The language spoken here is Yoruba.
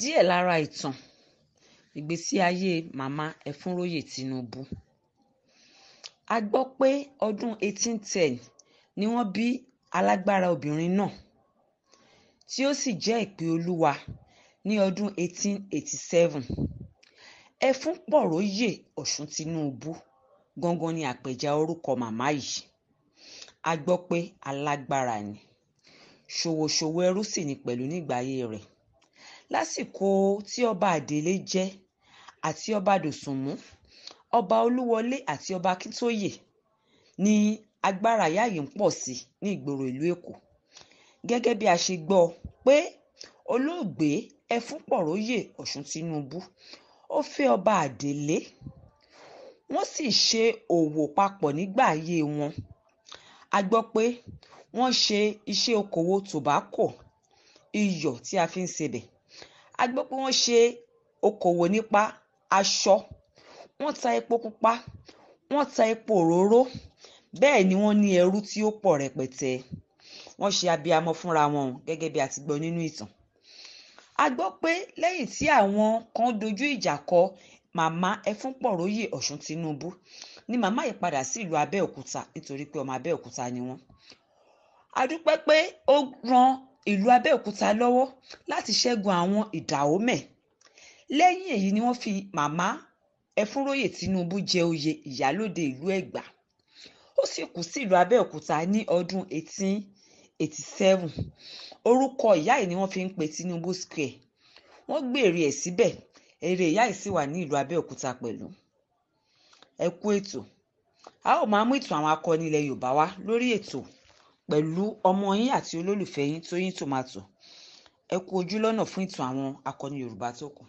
díẹ̀ lára ìtàn ìgbésí ayé màmá ẹfúnròyè tinubu a gbọ́ pé ọdún 1810 ni wọ́n bí alágbára obìnrin náà tí ó sì jẹ́ ìpè olúwa ní ọdún 1887 ẹfúnpọ̀rọ̀yè ọ̀ṣun tinubu gangan ni àpèjà orúkọ màmá yìí a gbọ́ pé alágbára ni ṣòwòṣòwò ẹrú sì ni pẹ̀lú nígbà rẹ̀ lásìkò tí ọba adelé jẹ àti ọba dòsùnmú ọba olúwọlé àti ọba akíntóyè ni agbára ìyá yìí ń pọ̀ sí ní ìgboro ìlú èkó gẹ́gẹ́ bí a ṣe gbọ́ pé olóògbé ẹfúnpọ̀rọ̀yè ọ̀ṣun tinubu ó fẹ́ ọba adelé wọ́n sì ṣe òwò papọ̀ nígbà ayé wọn a gbọ́ pé wọ́n ṣe iṣẹ́ okòwò tobacco iyọ̀ tí a fi ń sebẹ̀ a gbọ́ pé wọ́n ṣe okòwò nípa aṣọ wọ́n ta epo pupa wọ́n ta epo òróró bẹ́ẹ̀ ni wọ́n ní ẹrú tí ó pọ̀ rẹpẹtẹ wọ́n ṣe abiyamọ fúnra wọn gẹ́gẹ́ bí a ti gbọ́ nínú ìtàn a gbọ́ pé lẹ́yìn tí àwọn kan dojú ìjà kọ màmá ẹfúnpọ̀róyè ọ̀ṣun tinubu ni màmá yìí padà sí ìlú abẹ́òkúta nítorí pé ọmọ abẹ́òkúta ni wọ́n a dúpẹ́ pé ó ran ìlú Abẹ́òkúta lọ́wọ́ láti ṣẹ́gun àwọn ìdàómẹ̀ lẹ́yìn èyí ni wọ́n fi màmá Ẹfúnróyè Tinubu jẹ oyè ìyálóde ìlú Ẹ̀gbá ó sì kú sí ìlú Abẹ́òkúta ní ọdún 1887 orúkọ ìyá yìí ni wọ́n fi ń pe Tinubu Square wọ́n gbé ère ẹ̀ síbẹ̀ ère ìyá yìí sì wà ní ìlú Abẹ́òkúta pẹ̀lú ẹ kú ètò a ó máa mú ìtàn àwọn akọni ilẹ̀ Yorùbá wá lórí ètò pẹ̀lú ọmọ yín àti olólùfẹ́ yín Tóyìn Tòmátò ẹ kú ojú lọ́nà fún ìtàn àwọn akọni Yorùbá tó kù